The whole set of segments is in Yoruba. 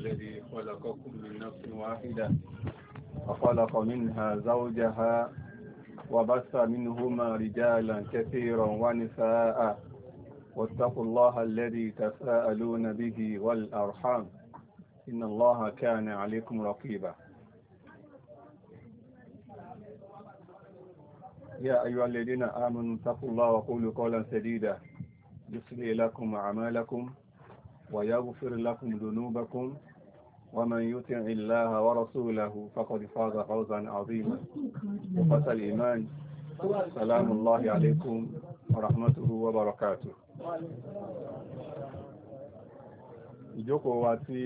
الذي خلقكم من نفس واحدة وخلق منها زوجها وبث منهما رجالا كثيرا ونساء واتقوا الله الذي تساءلون به والأرحام إن الله كان عليكم رقيبا يا أيها الذين آمنوا اتقوا الله وقولوا قولا سديدا يصلي لكم أعمالكم ويغفر لكم ذنوبكم ومن يطع الله ورسوله فقد فاز فوزا عظيما وفتى الإيمان سلام الله عليكم ورحمته وبركاته ìjókòó wa tí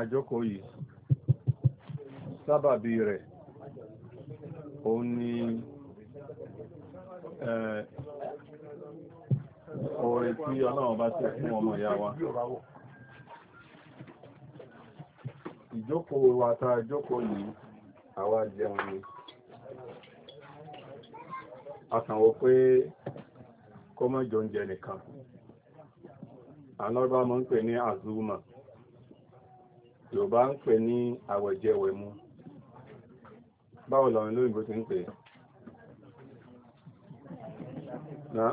àjókòó yìí sábàbí rẹ̀ òun ni oore tí ọlọ́run bá ṣe fún ọmọ ìyá wa ìjókòó wa tá a yìí àwa jẹun ni a kàn wò pé kó mọ́ jọ oúnjẹ nìkan àlọ́gbà mọ́ ń pè ní azuma yorùbá ń pè ní àwẹ̀jẹwẹ̀mú báwo lọ́rin lóyìnbó ti ń pè náà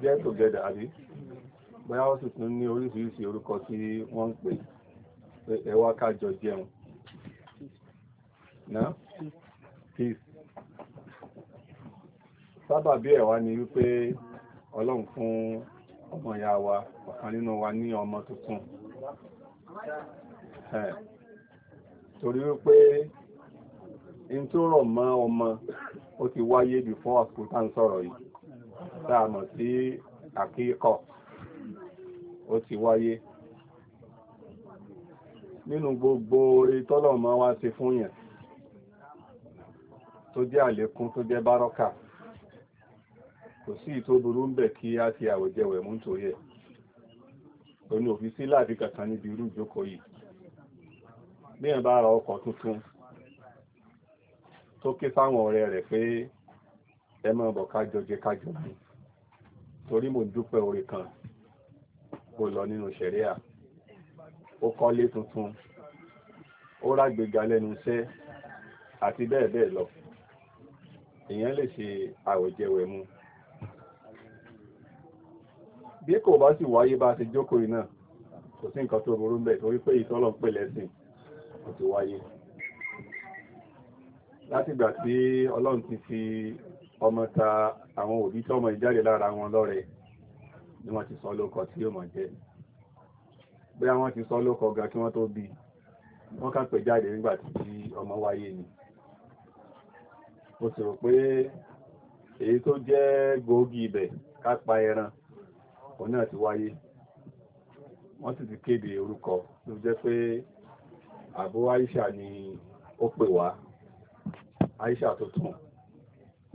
get together àbí bóyá ó sì tún ní oríṣiríṣi orúkọ tí wọ́n ń pè ẹ wá ká jọ jẹun náà peace sábàbí ẹ̀ wá ni wípé ọlọ́run fún ọmọ ìyá wa ọ̀kan nínú wa ní ọmọ tuntun torí wípé in tó rọ̀ mọ́ ọmọ ó ti wáyé before àsìkò tá ń sọ̀rọ̀ yìí tá a mọ̀ sí àkíkọ̀ ó ti wáyé nínú gbogbo oore tọ́lọ̀mọ́ wá ṣe fún yẹn tó jẹ́ àlékún tó jẹ́ bárọ́kà kò sí ìtò burú ń bẹ̀ kí a ti àwẹ̀jẹwẹ̀ mú torí ẹ̀ òní òfin sí láàbí kankan níbi irú ìjókòó yìí bí ẹ̀ bá ra ọkọ̀ tuntun tó ké fáwọn ọ̀rẹ́ rẹ̀ pé ẹ mọ́ bọ̀ kájọ jẹ kájọ mi torí mò dúpẹ́ oore kan kò lọ nínú ṣẹ̀ríà ó kọ́lé tuntun ó rágbèga lẹ́nu iṣẹ́ àti bẹ́ẹ̀ bẹ́ẹ̀ lọ èèyàn lè ṣe àwẹ̀jẹwẹ̀ mu bí kò bá sì wáyé bá ti jókòó iná kò sí nǹkan tó burú bẹ̀ torí pé ìtọ́lọ̀ ń pè lẹ́sìn kò ti wáyé látìgbà tí ọlọ́run ti fi ọmọ ta àwọn òbí tọ́mọ ìjáde lára wọn lọ́rẹ ni wọ́n ti sọ lóko tí yóò mọ̀ jẹ́ bóyá wọ́n ti sọ lóko gan kí wọ́n tó bí wọ́n kàn pè jáde nígbà tí ọmọ wáyé ni mo sì rò pé èyí tó jẹ́ gbòógì ibẹ̀ ká pa ẹran òun náà ti wáyé wọ́n sì ti kéde orúkọ ló jẹ́ pé àbú Aisha ni ó pè wá Aisha tuntun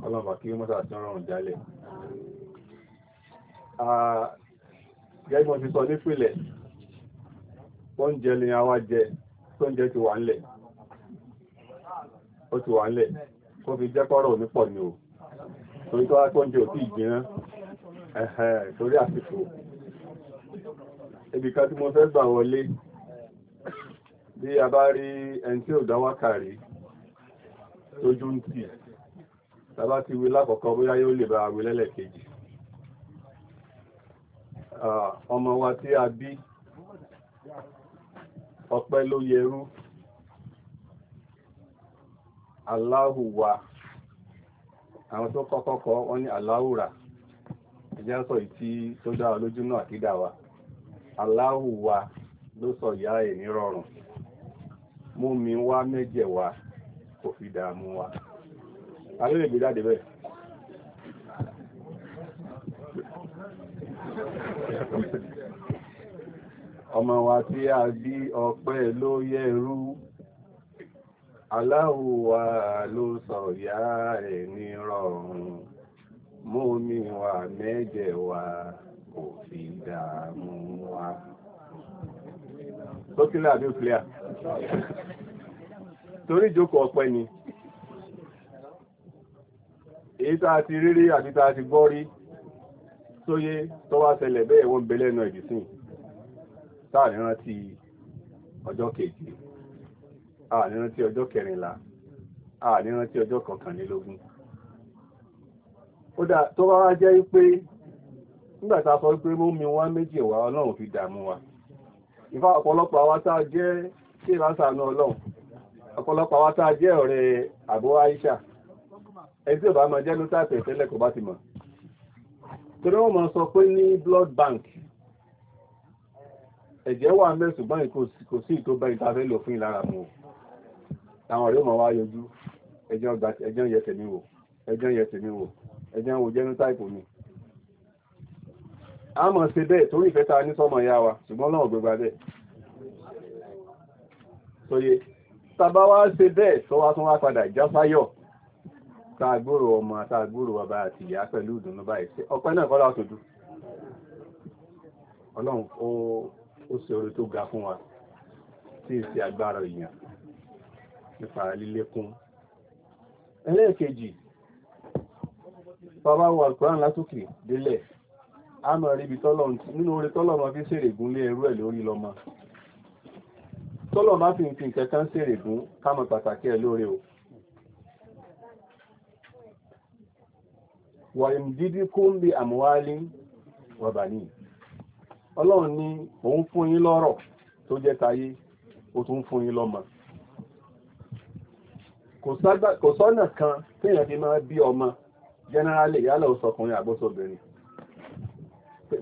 ọlọ́mà kí wọ́n sàtí ọ̀rọ̀ jálẹ̀ gẹ́gbọ́n ti sọ nípìnlẹ̀ oúnjẹ lè àwa jẹ tóúnjẹ ti wà ńlẹ̀ ó ti wà ńlẹ̀ kó fi jẹ́ kọ́rọ̀ òní pọ̀ ni o torí tó wá tóúnjẹ ò tí ìgbìnà ẹ̀hẹ̀ torí àsìkò ibi kan tí mo fẹ́ gbà wọlé bí a bá rí ẹni tí ò dá wákàrí tójú ń tì tàbá ti wí lákọ̀ọ́kọ́ bóyá yóò lè bá wí lẹ́lẹ̀kejì ọmọ wa tí a bí ọpẹ́ ló yẹrú Allahu àwọn tó kọ́kọ́kọ́ wọ́n ní Allahu rà sọ ìtí tó dára lójú náà àkídà wa Allahu ló sọ ìyá ẹ̀ ní rọrùn mú mi wá mẹ́jẹ̀ wa kò fi dààmú wa alẹ́ lè jáde bẹ́ẹ̀ Thank you. ọmọ wa tí a bí ọpẹ́ ló yẹrú aláhùwà ló sọ̀yà ẹni rọrùn mómi wa mẹ́jẹ̀ wa kò fi dààmú wa. tó kílẹ̀ àbí òkìlẹ̀ torí ìjókòó ọpẹ́ ni èyí tá a ti rírí àti tá a ti gbọ́ rí sóyé tó wá ṣẹlẹ̀ bẹ́ẹ̀ wọ́n belẹ̀ náà ìdí sìn táà ní rántí ọjọ́ kejì a ní rántí ọjọ́ kẹrìnlá a ní rántí ọjọ́ kọkànlélógún ó dá tó bá wá jẹ́ pé nígbà tá a sọ pé mú mi wá méjì wá ọlọ́run fi dààmú wa ìfá ọ̀pọ̀lọpọ̀ àwa tá a jẹ́ sí ìlàsàánú ọlọ́run ọ̀pọ̀lọpọ̀ àwa tá a jẹ́ ọ̀rẹ́ àbó Aisha ẹni tí ò bá máa jẹ́ ló sáàpẹ̀ tẹ́lẹ̀ kò bá ti mọ̀ torí wọ́n máa sọ pé ní blood bank ẹ̀jẹ̀ wà ń bẹ̀ ṣùgbọ́n kò sí ìtò bá ìtafẹ́ lò fún ìlara mu àwọn ọ̀rẹ́ ọmọ wa yọjú ẹjọ́ ń yẹsẹ̀ mi wò ẹjọ́ ń yẹsẹ̀ mi wò ẹjọ́ ń wo genotype mi a mọ̀ ṣe bẹ́ẹ̀ torí ìfẹ́ ta ní sọ́mọ ìyá wa ṣùgbọ́n lọ́wọ́ gbogbo abẹ́ sóye tàbá wá ṣe bẹ́ẹ̀ tó wá tún wá padà jáfáyọ̀ tàgbòrò ọmọ àtàgbòrò bàbá àti ìyá pẹ̀lú ìdùnnú báyìí ọpẹ́ náà kọ́lá ọ̀tọ̀dù ọlọ́run ó ṣe orí tó ga fún wa tí ì sí agbára èèyàn nípa lílékún ẹlẹ́ẹ̀kejì bàbá wa Al-Qur'an látòkè délẹ̀ a mọ̀ rí ibi tọ́lọ̀ nínú orí tọ́lọ̀ ma fi ṣèrè gúnlé ẹrú ẹ̀ lórí lọ́mọ tọ́lọ̀ bá fi nǹkan kankan ṣèrè gún ká pàtàkì ẹ̀ lórí o wà ìmùdídí kó ń bi àmúwálí wà bàníyì ọlọ́run ní òun fún yín lọ́rọ̀ tó jẹ́ tayé ó tún fún yín lọ́mọ kò sọ́nà kan téèyàn fi máa bí ọmọ generally yálà òsọkùnrin àgbóṣobìnrin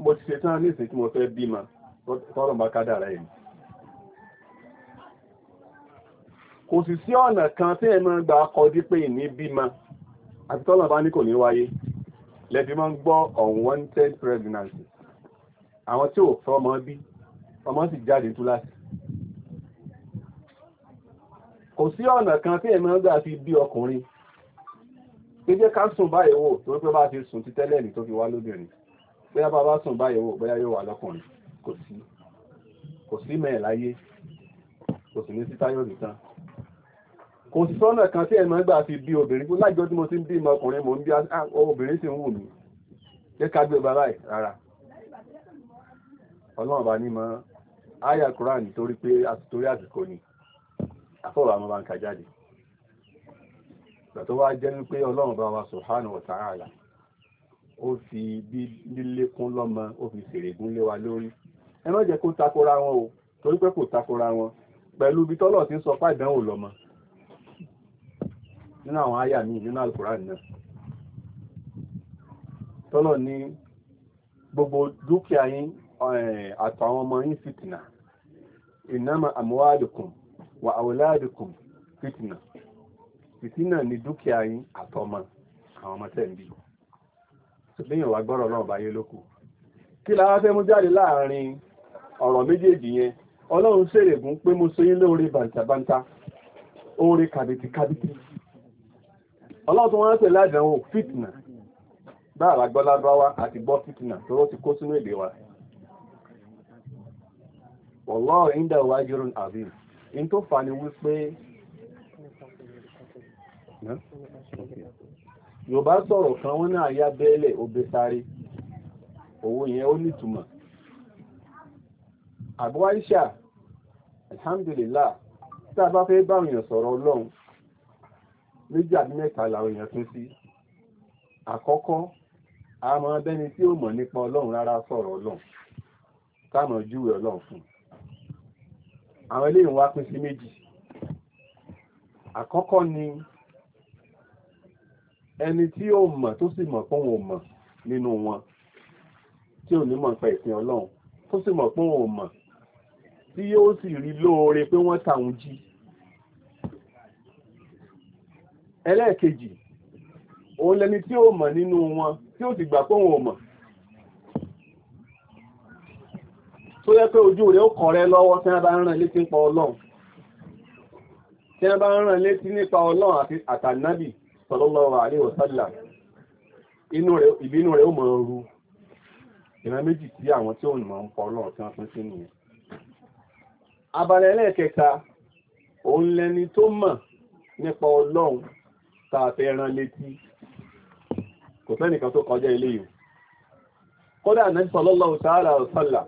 mo ti ṣe tán nísìn tí mo fẹ́ bímọ tọ́rọ̀ bá kádàrá yìí kò sì sí ọ̀nà kan téèyàn máa gbà kọjú pé ìní bímọ àti tọ́lọ̀ bá ní kò ní wáyé lẹ́bí máa ń gbọ́ unwanted pregnancy àwọn tí ò fọmọ bí ọmọ sì jáde tú láti kò sí ọ̀nà kan tí ẹ̀mọ́ gbà fi bí ọkùnrin pé jẹ́ ká sùn báyìí wò tó pé bá ti sùn ti tẹ́lẹ̀ ní tó fi wá lóbìnrin bóyá bá bá sùn báyìí wò bóyá yóò wà lọ́kùnrin kò sí kò sí mẹ́ẹ̀ láyé kò sì ní sí táyọ̀ nìkan kò sí sọ́nà kan tí ẹ̀mọ́ gbà fi bí obìnrin kó láìjọ́ tí mo ti ń bí ọkùnrin mò ń bí obìnrin sì ń wù mí jẹ́ ká gbé bàbá rárá ọlọ́run bá ní mọ́ àyà Quran torí pé torí àsìkò ni àfọwọ́ àwọn bá ń ka jáde ìgbà tó wá jẹ́ wípé ọlọ́run bá wa subhanahu wa ta'ala ó fi bí lílékún lọ́mọ ó fi fèrègún lé wa lórí ẹ má jẹ́ kó takora wọn o torí pé kò takora wọn pẹ̀lú ibi tọ́lọ̀ ti ń sọ pàdánwò lọ́mọ nínú àwọn àyà míì nínú alukuran náà tọ́lọ̀ ní gbogbo dúkìá yín Eh, àtàwọn ọmọ yín fìtìnà ìnáma àmúwádìkùn wà àwòládìkùn fìtìnà fìtìnà ni dúkìá yín àtọmọ àwọn ọmọ tẹ̀ ń bí wà gbọ́rọ̀ náà báyé lókù kí fẹ́ mú jáde láàrin ọ̀rọ̀ yẹn ọlọ́run ṣèrègùn pé mo so yín lóore oore kàbìtì kàbìtì ọlọ́run tó wọ́n bá àti gbọ́ tó ti kó wa wallahu indahu ajrun azim in tó fà ní wípé yorùbá sọ̀rọ̀ kan wọ́n náà yá bẹ́ẹ̀lẹ̀ obe owó yẹn ó nítumọ̀ àbúwá ìṣà alhamdulillah tí a bá fẹ́ bá èèyàn sọ̀rọ̀ ọlọ́run méjì àbí mẹ́ta làwọn èèyàn tún sí àkọ́kọ́ a mọ abẹ́ni tí ó mọ̀ nípa ọlọ́run rárá sọ̀rọ̀ ọlọ́run táwọn ọlọ́run fún un àwọn ilé ìwà pín sí méjì àkọ́kọ́ ni ẹni tí ó mọ̀ tó sì mọ̀ pé òun mọ̀ nínú wọn tí ò ní mọ̀ nípa ìsìn ọlọ́run tó sì mọ̀ pé òun mọ̀ tí yóò sì rí lóore pé wọ́n tàun jí ẹlẹ́ẹ̀kejì òun lẹni tí ó mọ̀ nínú wọn tí ó sì gbà pé òun mọ̀ tó yẹ pé ojú rẹ̀ ó kàn rẹ lọ́wọ́ tí wọ́n bá ń ràn létí nípa ọlọ́run tí wọ́n bá ń ràn létí nípa ọlọ́run àti àtànábì sallallahu alaihi wasallam ìbínú rẹ̀ ó mọ̀ ru ìran méjì tí àwọn tí ó mọ̀ ń pa ọlọ́run tí wọ́n pín sí nìyẹn abalẹ̀ ẹlẹ́ẹ̀kẹta òun lẹni tó mọ̀ nípa ọlọ́run tá a fẹ́ rán létí kò sẹ́nìkan tó kọjá ilé yìí kódà nàìjíríà sallam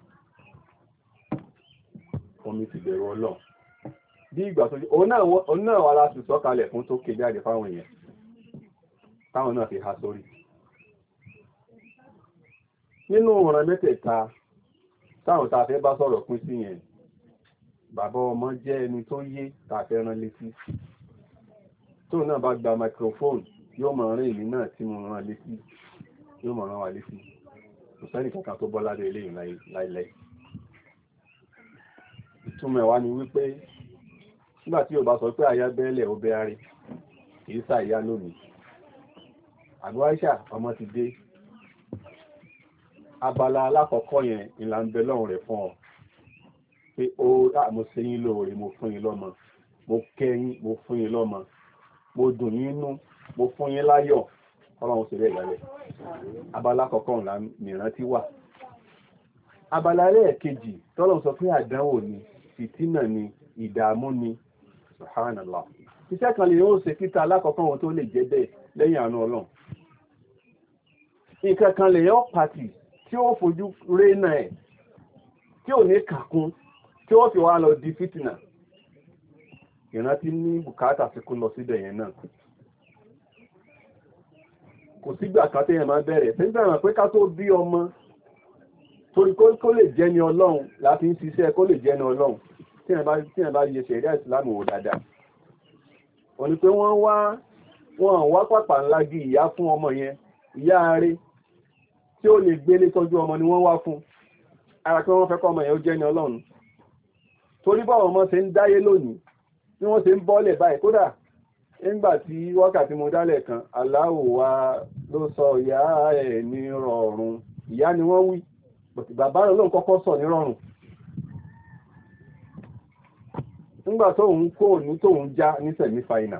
omi ti bẹ̀rù ọlọ́run bí ìgbà tó òun náà wà láti sọ́kalẹ̀ fún tó kéde àjẹ fáwọn èèyàn táwọn náà fi há sórí nínú ọ̀ràn mẹ́tẹ̀ẹ̀ta táwọn tá a fẹ́ bá sọ̀rọ̀ pín sí yẹn bàbá ọmọ jẹ́ ẹni tó yé tá a fẹ́ rán létí tóun náà bá gba microphone yóò mọ̀ rán èmi náà tí mo rán létí yóò mọ̀ rán wa létí kò sẹ́nì kankan tó bọ́ ládé eléyìí láìláì ìtumọ̀ ẹ̀wá ni wípé nígbà tí Yorùbá sọ pé àyà bẹ́ẹ̀lẹ̀ ó bẹ́ẹ̀rẹ̀ kì í sàyà lónìí àgbọ̀ Aisha ọmọ ti dé abala alákọ̀ọ́kọ́ yẹn ìlà ń bẹ lọ́rùn rẹ̀ fún ọ pé ó mo ṣe yín lóore mo fún yín lọ́mọ mo kẹ́ mo fún yín lọ́mọ mo dùn yín nú mo fún yín láyọ̀ ọlọ́run ṣe bẹ́ẹ̀ lálẹ́ abala kọ̀ọ̀kan ńlá mìíràn ti wà abala ẹlẹ́ẹ̀kejì tọ́lọ̀ sọ pé àdánwò ni fìtínà ni ìdààmú ni subhanallah iṣẹ́ kan lè yóò ṣe kíta alákọ̀ọ́kọ́ wọn tó lè jẹ́ bẹ́ẹ̀ lẹ́yìn àánú ọlọ́run nǹkan kan lè yọ pàtì tí ó fojú rénà ẹ̀ tí ò ní kàkún tí ó fi wá lọ di fìtínà ìrántí ní bùkátà fi kún lọ síbẹ̀ yẹn náà kò sígbà kan tẹ́yẹ̀ máa bẹ̀rẹ̀ tí ń bẹ̀rẹ̀ pé ká tó bí ọmọ torí kó lè jẹ́ ni ọlọ́run láti ń ṣiṣẹ́ kó lè jẹ́ ni ọlọ́run tí ẹ̀ bá yẹ ṣẹ̀ríà ìsìláàmù wò dáadáa wọ́n ní pé wọ́n wá wọ́n wá pàpà ńlá di ìyá fún ọmọ yẹn ìyá rẹ̀ tí ó lè gbélé tọ́jú ọmọ ni wọ́n wá fún ara pé wọ́n fẹ́ kọ́ ọmọ yẹn ó jẹ́ ní ọlọ́run torí báwọn ọmọ ṣe ń dáyé lónìí tí wọ́n ṣe ń bọ́lẹ̀ báyìí kódà nígbà tí wákàtí mo dálẹ̀ kan aláwò wa ló sọ ìyá ẹ̀ ní rọrùn ìyá ni wọ́n wí bàbá rẹ̀ kọ́kọ́ sọ ní rọrùn nígbà tó ń kó òní tó ń já ní sẹ̀mí fàìnà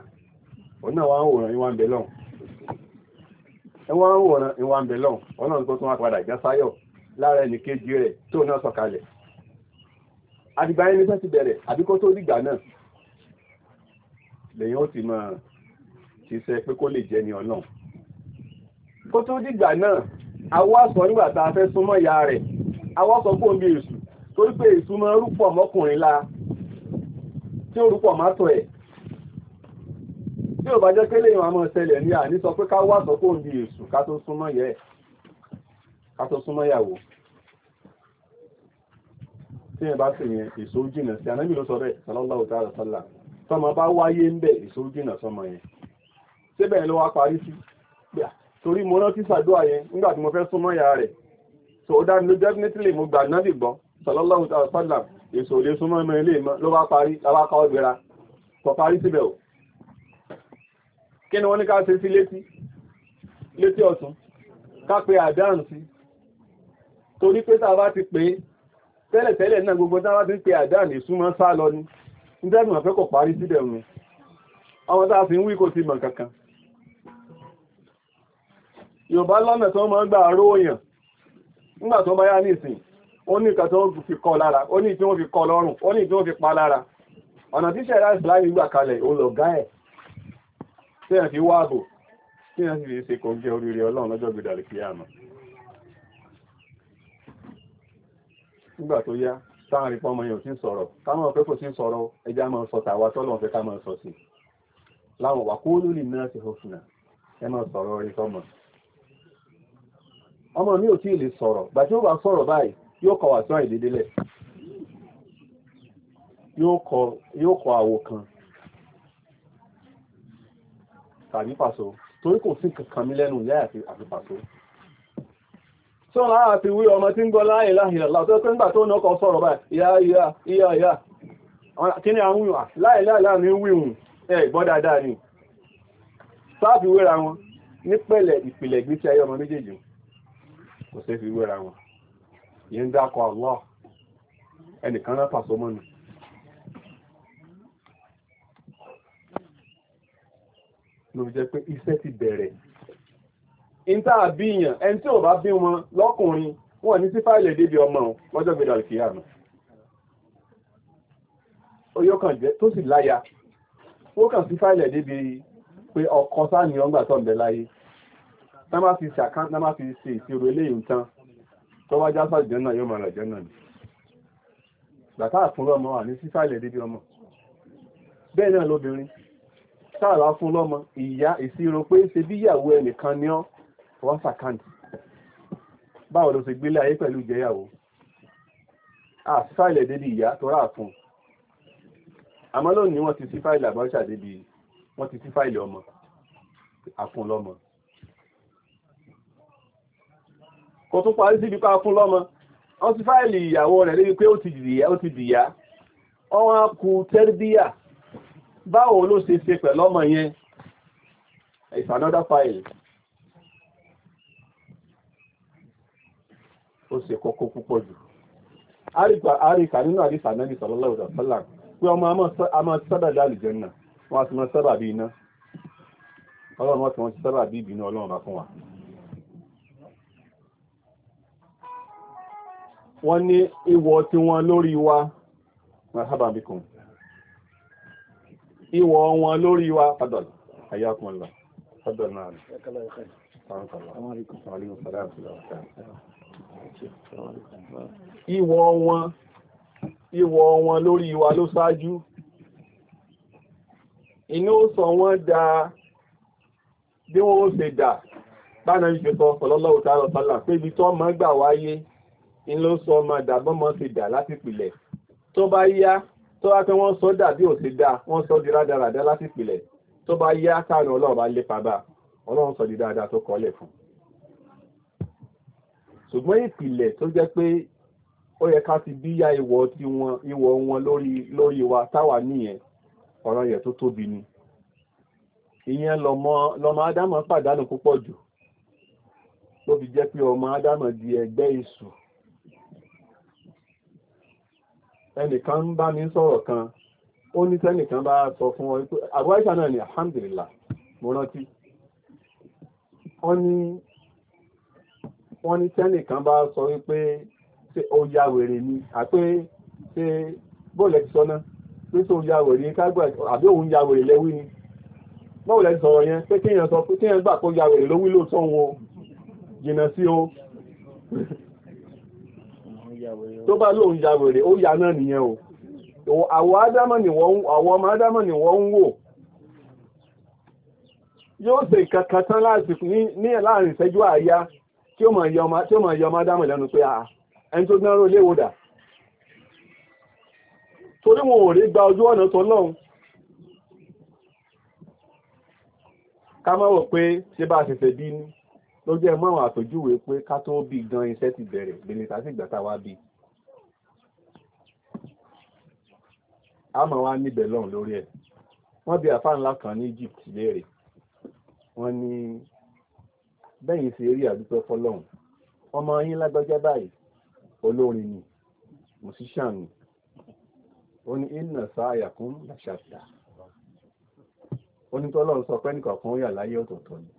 òun náà wọ́n wòrán ìwà ń bẹ̀ lọ́hùn wọ́n wòrán ìwà ń bẹ̀ lọ́hùn ọlọ́run tó tún wá padà já sáyọ̀ lára ẹnì kejì rẹ̀ tó náà sọ̀kalẹ̀ àdìgbà ẹni fẹ́ ti bẹ̀rẹ̀ àbí kó tó dìgbà náà lèyìn ó ti máa ṣiṣẹ́ pé kó lè jẹ́ ni ọlọ́run kó tó dìgbà náà àwọ́ àsọ nígbà tá a fẹ́ súnmọ́ ìyá rẹ̀ àwọ́ sọ pé òun bí èṣù torí pé èṣù máa rúpọ̀ mọ́kùnrin la tí orúkọ máa tọ̀ ẹ̀ tí ò bá jẹ́ pé léyìn àmọ́ ṣẹlẹ̀ ní àní sọ pé ká wà sọ pé òun di èṣù ká tó súnmọ́ yẹ ká yàwó tí ẹ bá sì yẹn èso jìnà sí anábì ló sọ bẹ́ẹ̀ sallallahu ta'ala sallam tọmọ bá wáyé ń bẹ̀ èso jìnà sọmọ yẹn síbẹ̀ ló wá parí sí torí mo rántí sàdúrà yẹn nígbà tí mo fẹ́ súnmọ́ yà rẹ̀ so ó dá mi definitely mo gbà náà dìgbọ́ èso lè súnmọ́ ẹmọ ilé ìmọ̀ ló bá parí lábákà ọgbẹ̀ra kọ̀ parí síbẹ̀ ò kí ni wọ́n ní ká ṣe sí létí létí ọ̀tún ká pe àdáhùn sí torí pé tàbá ti pé tẹ́lẹ̀tẹ́lẹ̀ náà gbogbo tàbá ti pe àdáhùn ìsúnmọ́ sá lọ ní ìdẹ́gbùn àfẹ́ kọ̀ parí síbẹ̀ òun àwọn tá a fi ń wí kò ti mọ̀ kankan Yorùbá lọ́nà tí wọ́n gbà róòyàn nígbà tó bá yá ní ìsìn ó ní nǹkan tó fi kọ lára ó ní tí wọ́n fi kọ lọ́rùn ó ní tí wọ́n fi pa lára ọ̀nà tí ṣẹ̀dá ìsìláàmù gbà kalẹ̀ ó ẹ̀ tí wọ́n fi wá ààbò tí wọ́n sì fi ṣe kòńgé oríire ọlọ́run lọ́jọ́ ò tí ń sọ̀rọ̀ táwọn ọ̀pẹ́ kò tí ń máa sọ tàwa tọ́lọ̀ sọ sí láwọn wà kó lórí náà ti yóò kọ wàsán ìdídélẹ̀ yóò kọ àwò kan tàbí pàṣọ torí kò sí kankan mi lẹ́nu ìyá àti àfipàṣọ tó láàá fi wí ọmọ tí ń gbọ́ láàyè láàyè látọ́ pé ńgbà tó nọ́kọ̀ sọ̀rọ̀ báyìí ìyá ìyá ìyá ìyá kí ni àwọn ìwà láàyè láàyè ní wíhùn ẹ̀ gbọ́ dáadáa ni sáà fi wéra wọn ní pẹ̀lẹ̀ ìpìlẹ̀ ìgbésí ayé ọmọ méjèèjì kò sí fi wéra wọn yẹn ń dákọ̀ Allah ẹnìkan rán pàṣọmọ́ ni ló jẹ́ pé iṣẹ́ ti bẹ̀rẹ̀ ìta àbíyàn ẹni tí ò bá bí wọn lọ́kùnrin wọn ní sí fáìlì débi ọmọ lọ́jọ́ gbẹ̀dọ̀ ìfìyàmù oyó kan jẹ́ tó sì láya ó kàn sí fáìlì débi pé ọkọ sáà ní ọgbà tó ń bẹ láyé náà má fi ṣe ìṣirò eléyìí tán tó wá já sáà jẹ́nà yóò mara jẹ́nà ni bàtà fún lọ́mọ wà ní sísàlẹ̀ dédé ọmọ bẹ́ẹ̀ náà lóbìnrin sáàrà fún lọ́mọ ìyá ìṣirò pé ṣe bí ìyàwó ẹnìkan ní ọ́ wọ́n sàkáǹtì báwo ló ṣe gbélé ayé pẹ̀lú ìjẹyàwó àṣìṣàlẹ̀ dédé ìyá tó rà fún àmọ́ lónìí wọ́n ti sí fáìlì àbáṣà débi wọ́n ti sí fáìlì ọmọ àfún lọ́mọ kò tún parí síbi pa fún lọ́mọ wọ́n ti fáìlì ìyàwó rẹ̀ lébi pé ó ti dìyà ó ti dìyà ọwọ́n á ku tẹ́rbíyà báwo ló ṣe ṣe pẹ̀lú ọmọ yẹn it's another file ó ṣe kókó púpọ̀ jù àríkà nínú àdìsá náà sallallahu alaihi wasallam pé ọmọ a máa sábà dálì jẹ́nà wọ́n a ti máa sábà bí iná ọlọ́run wọ́n ti wọ́n ti sábà bí ìbínú ọlọ́run bá fún wa wọ́n ní ìwọ̀ tí wọ́n lórí wa mahababikun ìwọ̀ wọn lórí wa padọ̀l ayakunla padọ̀l náà ìwọ̀ wọn ìwọ̀ wọn lórí wa ló ṣáájú inú sọ wọ́n dá bí wọ́n ó ṣe dà bánà ìṣẹ́sọ́ ọ̀pọ̀lọ́lọ́wọ́ tààrọ̀ sálà pé ibi tó mọ́ gbà wáyé ń ló sọ ọmọ dàbọ́n mọ́ ti dà láti pìlẹ̀ tó bá yá tó wá pé wọ́n sọ dàbí ò ti dá wọ́n sọ di rádaràdá láti pìlẹ̀ tó bá yá káàánú ọlọ́run bá lépa bá ọlọ́run sọ di dáadáa tó kọ́lẹ̀ fún ṣùgbọ́n ìpìlẹ̀ tó jẹ́ pé ó yẹ ká ti bíyá ìwọ̀ tí wọn ìwọ̀ wọn lórí lórí wa táwa nìyẹn ọ̀ràn yẹn tó tóbi ni ìyẹn lọmọ lọmọ ádámọ̀ pàdánù púpọ̀ jù tó fi jẹ́ pé ọmọ ádámọ̀ di ẹgbẹ́ èṣù ẹnìkan ń bá mi sọ̀rọ̀ kan ó ní tẹ́nìkan bá sọ fún ọ pé àbúrò náà ni alhamdulillah mo rántí wọ́n ní wọ́n ní tẹ́nìkan bá sọ wípé ṣé ó ya wèrè ni àpé ṣé bóòlù ẹ̀ ti sọ náà pé ṣé ó ya wèrè ni kágbà àbí òun ya wèrè lẹ́wí ni bóòlù ẹ̀ ti sọ̀rọ̀ yẹn pé kéèyàn sọ pé kéèyàn gbà pé ó ya wèrè lówí lóòótọ́ wọn jìnnà sí o tó bá lóun ya wèrè ó ya náà nìyẹn o àwọn ádámọ̀ ni wọ́n àwọn ọmọ ádámọ̀ ni wọ́n ń wò yóò ṣe kankan tán lásìkò ní láàrin ìṣẹ́jú àáyá tí ó mọ̀ yọ ọmọ ádámọ̀ lẹ́nu pé a ah, ẹni tó dánrò léwòdà torí wọn ò rí gba ojú ọ̀nà tó lọ́hun ká má wò pé ṣe bá ṣẹ̀ṣẹ̀ bí ní ló jẹ́ mọ́ àwọn àpèjúwe pé ká tó bí gan iṣẹ́ ti bẹ̀rẹ̀ bèlè tàbí ìgbà táwa bí a mọ̀ wá níbẹ̀ lọ́hùn lórí ẹ̀ wọ́n bí àfáà ńlá kan ní Egypt léèrè wọ́n ní bẹ́yìn sí eré àdúpẹ́ fọlọ́hùn ọmọ yín lágbájá báyìí olórin ni musician ni ó ní iná sáàyà kún làṣàtà ó sọ pé nìkan kan ó yà láyé ọ̀tọ̀ọ̀tọ̀ ni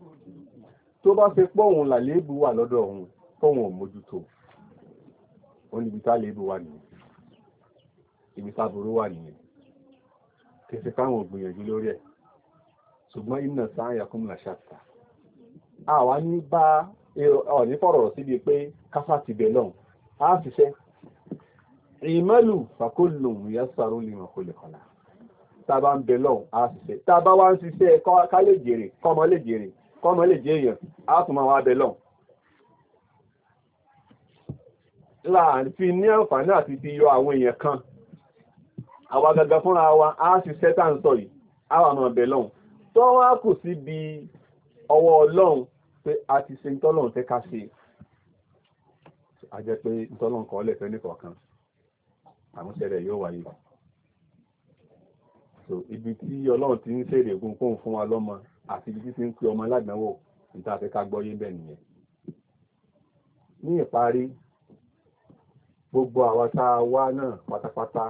tó bá ṣe pọ́ òun làléébù wà lọ́dọ̀ òun fóun ò mójútó ó ní ibi tá léébù wà nìyẹn ibi tá burú wà nìyẹn kèsì káwọn ò gbìyànjú lórí ẹ̀ ṣùgbọ́n iná sáàyà kún là ṣàtà àwa ní bá ọ̀ní fọ̀rọ̀ síbi pé káfà ti bẹ̀ lọ́hùn á ṣiṣẹ́ ìmọ́lù fàkólù ìyá sàrò lè mọ̀ kó kọ́lá tá a bá ń bẹ̀ lọ́hùn á ṣiṣẹ́ tá a bá wá ń ṣiṣẹ́ ká kọ́mọ lè jẹ́ èèyàn á tún máa wá bẹ lọ láàfin ní àǹfààní àti fi yọ àwọn èèyàn kan àwa gàgà fúnra wa á sì sẹ́tà ń sọ yìí á wà máa bẹ lọ́hùn tó wá kù síbi ọwọ́ ọlọ́run pé a ti ṣe tọ́lọ́run fẹ́ ká ṣe a jẹ́ pé tọ́lọ́run kọ́ lẹ̀ fẹ́ nìkọ̀ọ̀kan àmúṣẹ́rẹ̀ yóò wáyé so ibi tí ọlọ́run ti ń ṣèrè egungun fún wa lọ́mọ àti ibi títí ń pe ọmọ aládánwò níta fẹ́ ká gbọ́yé bẹ́ẹ̀ nìyẹn. ní ìparí gbogbo àwa a wá náà pátápátá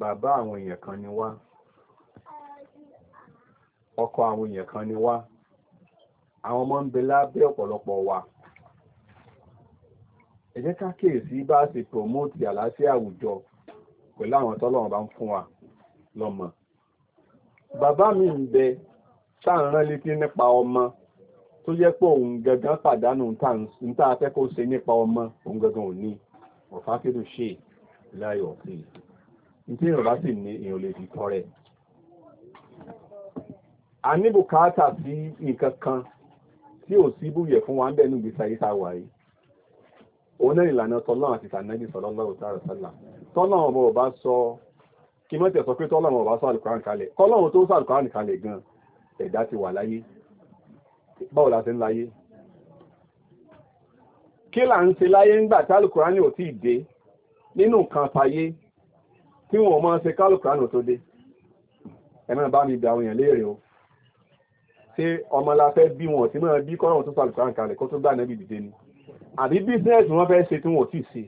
bàbá àwọn èèyàn kan ni wá ọkọ àwọn èèyàn kan ni wá àwọn ọmọ ń bẹ lábẹ́ ọ̀pọ̀lọpọ̀ wa ẹ jẹ́ ká kíyèsí bá ṣe promote àlàáfíà àwùjọ pẹ̀lú àwọn tọ́lọ́run bá ń fún wa lọ́mọ bàbá mi ń bẹ sáàrán létí nípa ọmọ tó yẹ pé òun gangan pàdánù ń tá afẹ́ kó ṣe nípa ọmọ òun gangan ò ní ọ̀fákìlù ṣe láyọ̀ sí i tí èèyàn bá sì ní èèyàn lè fi tọrẹ. a ní bùkátà sí nǹkan kan tí ò sí búyẹ̀ fún wa ń bẹ̀ nígbèsí ayé tá a òun náà ìlànà tọ́lọ́ àti tànàbí sọ̀rọ̀ lọ́wọ́ sára sálà tọ́lọ́ ọmọ ò bá sọ kí mọ́ tẹ̀sọ pé tọ́lọ́run ọba sọ àlùkùránì kalẹ̀ kọ́lọ́run tó sọ àlùkùránì kalẹ̀ gan ẹ̀dá ti wà láyé báwo la ṣe ń láyé kí là ń ṣe láyé ńgbà tí àlùkùránì ò tí ì dé nínú nǹkan fàyé tí wọn máa ṣe kálùkùránì ò tó dé ẹ̀mọ́ bá mi bẹ àwọn èèyàn léèrè o ṣé ọmọ la fẹ́ bí wọn tí máa bí kọ́lọ́run tó sọ àlùkùránì kalẹ̀ kó tó gbà náà dìde ni àbí bísíǹsì wọn fẹ́ ṣe tí wọn ò tí ì ṣe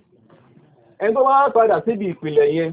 ẹni tó wá padà síbi ìpìlẹ̀ yẹn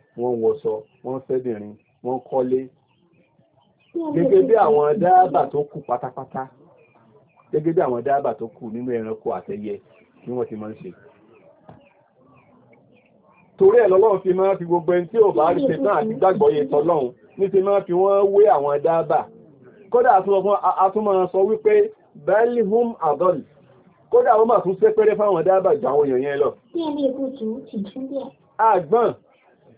wọ́n wọṣọ wọ́n fẹ́bìnrin wọ́n kọ́lé gẹ́gẹ́ bí àwọn dáàbà tó kù pátápátá gẹ́gẹ́ bí àwọn dáàbà tó kù nínú ẹranko àtẹyẹ ni wọ́n ti máa ń ṣe torí ẹ̀ lọ́lọ́run fi máa fi gbogbo ẹni tí ò bá rí ṣetán àti gbàgbọ́ yẹ tọ́lọ́run ní ti máa fi wọ́n wé àwọn dáàbà kódà àtúmọ̀ sọ wípé bẹ́ẹ̀lì hum adol kódà wọ́n máa tún ṣépéré fáwọn dáàbà ju àwọn èèyàn yẹn lọ. kí ẹni èkó tù ú ti dúró. àgbọn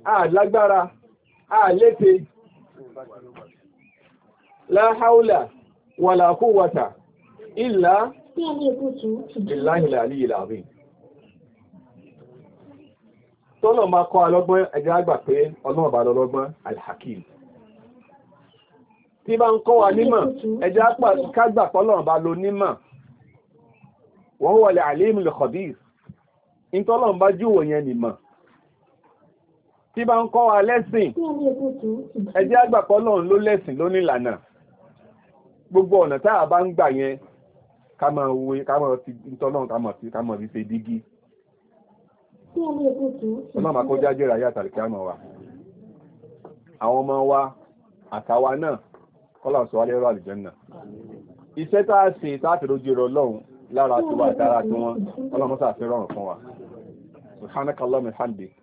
àlágbára àlépe láháúlà wàlàkúwàtà ìlà ìlànìlàlì ìlàrí tọ́nà máa kọ́ alọ́gbọ́n ẹgbẹ́ àgbà pé ọlọ́ọ̀bà lọ́lọ́gbọ́n alhakim tí bá ń kọ́ wa nímọ̀ ẹjẹ́ kágbà pọ́lọ́ọ̀bà ló nímọ̀ wọ́n wọlé àlímù lọ́kọ̀dí ìtọ́lọ́ọ̀bá jùwò yẹn nìmọ̀ tí bá ń kọ́ wa lẹ́sìn ẹjẹ́ àgbàpọ̀ lọ́run ló lẹ́sìn ló nílànà gbogbo ọ̀nà tá a bá ń gbà yẹn ká máa wé ká máa fi tọ́lọ́run ká máa fi ká máa fi ṣe dígí. ọlọ́run àkójá jẹ́ra yá tàbí kí á máa wà. àwọn ọmọ wa àtàwa náà kọ́lá sọ wá lẹ́rọ àlùjànnà. iṣẹ́ tá a ṣe tá a fi rojú rọ lọ́run lára tiwa àtàrà tiwọn ọlọ́run sàfihàn rọrùn fún wa. subhanakallahumma hamdika